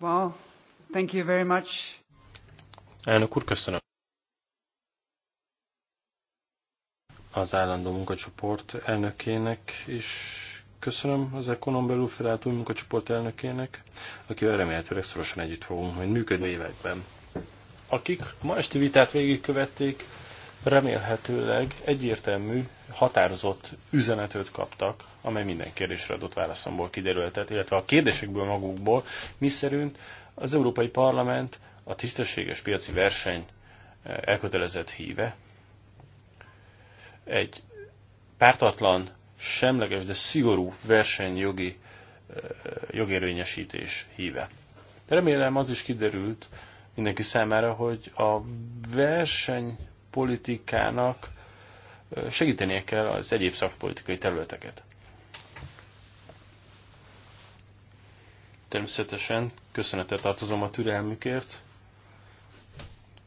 Well, thank you very much. Elnök úr, köszönöm. Az állandó munkacsoport elnökének is köszönöm az Ekonom belül felállt új munkacsoport elnökének, akivel remélhetőleg szorosan együtt fogunk majd működni években. Akik ma esti vitát végigkövették, remélhetőleg egyértelmű, határozott üzenetet kaptak, amely minden kérdésre adott válaszomból kiderültet, illetve a kérdésekből magukból, miszerint az Európai Parlament a tisztességes piaci verseny eh, elkötelezett híve, egy pártatlan, semleges, de szigorú versenyjogi eh, jogérvényesítés híve. remélem az is kiderült mindenki számára, hogy a verseny szakpolitikának segítenie kell az egyéb szakpolitikai területeket. Természetesen köszönetet tartozom a türelmükért,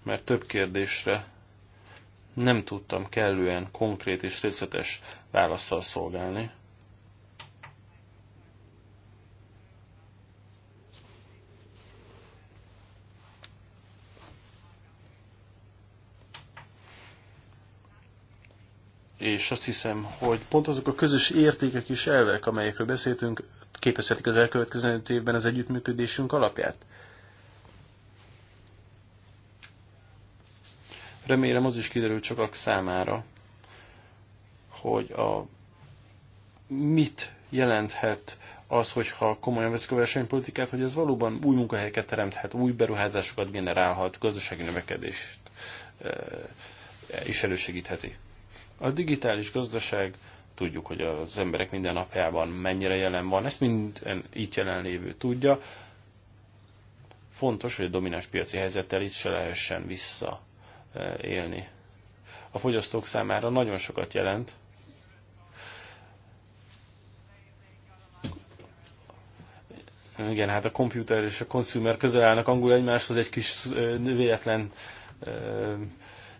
mert több kérdésre nem tudtam kellően konkrét és részletes válaszsal szolgálni. és azt hiszem, hogy pont azok a közös értékek és elvek, amelyekről beszéltünk, képezhetik az elkövetkező évben az együttműködésünk alapját. Remélem az is kiderült sokak számára, hogy a mit jelenthet az, hogyha komolyan veszik a versenypolitikát, hogy ez valóban új munkahelyeket teremthet, új beruházásokat generálhat, gazdasági növekedést eh, is elősegítheti. A digitális gazdaság tudjuk, hogy az emberek minden napjában mennyire jelen van, ezt minden itt jelenlévő tudja. Fontos, hogy a domináns piaci helyzettel itt se lehessen visszaélni. E, a fogyasztók számára nagyon sokat jelent, Igen, hát a komputer és a consumer közel állnak angol egymáshoz, egy kis e, véletlen e,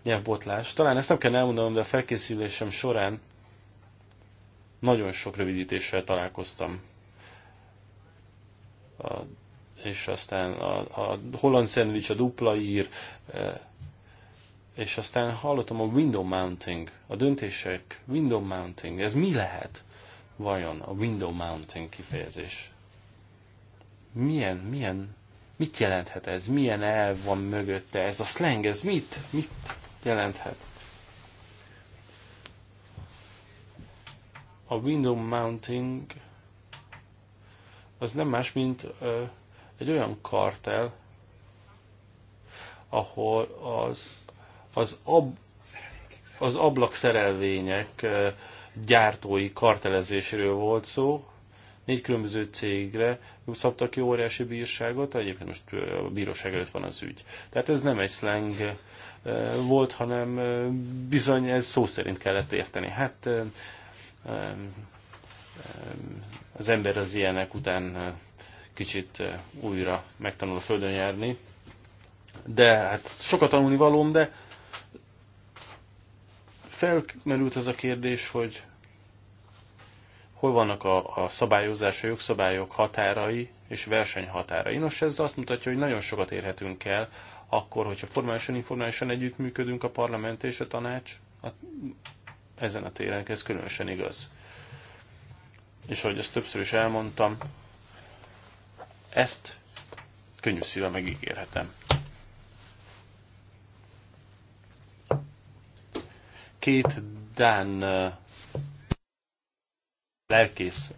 nyelvbotlás. Talán ezt nem kell elmondanom, de a felkészülésem során nagyon sok rövidítéssel találkoztam. A, és aztán a, a holland szendvics, a dupla ír, e, és aztán hallottam a window mounting, a döntések, window mounting, ez mi lehet vajon a window mounting kifejezés? Milyen, milyen, mit jelenthet ez? Milyen elv van mögötte? Ez a slang, ez mit? Mit jelenthet. A window mounting az nem más, mint egy olyan kartel, ahol az, az, ab, az ablakszerelvények gyártói kartelezéséről volt szó, négy különböző cégre szabtak ki óriási bírságot, egyébként most a bíróság előtt van az ügy. Tehát ez nem egy slang volt, hanem bizony ez szó szerint kellett érteni. Hát az ember az ilyenek után kicsit újra megtanul a földön járni. De hát sokat tanulni valóm, de felmerült az a kérdés, hogy hol vannak a, a szabályozás, a jogszabályok határai és versenyhatárai. Nos, ez azt mutatja, hogy nagyon sokat érhetünk el, akkor, hogyha formálisan, informálisan együttműködünk a parlament és a tanács, a, ezen a téren ez különösen igaz. És ahogy ezt többször is elmondtam, ezt könnyű szíve megígérhetem. Két Dán lelkész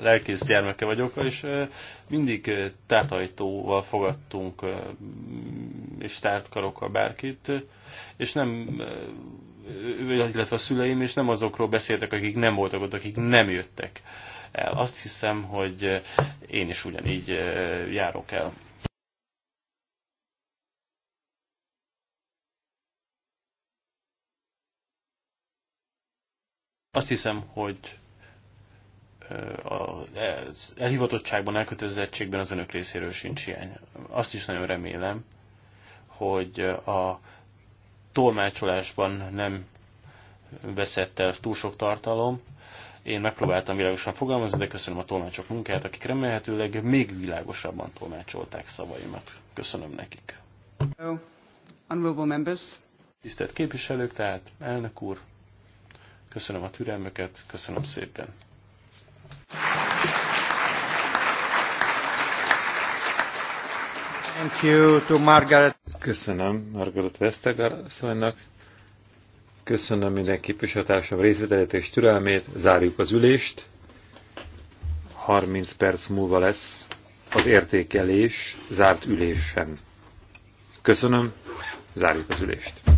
lelkész gyermeke vagyok, és mindig tártajtóval fogadtunk, és tártkarokkal bárkit, és nem, illetve a szüleim, és nem azokról beszéltek, akik nem voltak ott, akik nem jöttek el. Azt hiszem, hogy én is ugyanígy járok el. Azt hiszem, hogy az elhivatottságban, elkötelezettségben az önök részéről sincs hiány. Azt is nagyon remélem, hogy a tolmácsolásban nem veszett el túl sok tartalom. Én megpróbáltam világosan fogalmazni, de köszönöm a tolmácsok munkáját, akik remélhetőleg még világosabban tolmácsolták szavaimat. Köszönöm nekik. Hello, members. Tisztelt képviselők, tehát elnök úr, köszönöm a türelmüket, köszönöm szépen. Thank you to Margaret. Köszönöm Margaret Köszönöm minden képviselőtársam részvételét és türelmét. Zárjuk az ülést. 30 perc múlva lesz az értékelés zárt ülésen. Köszönöm, zárjuk az ülést.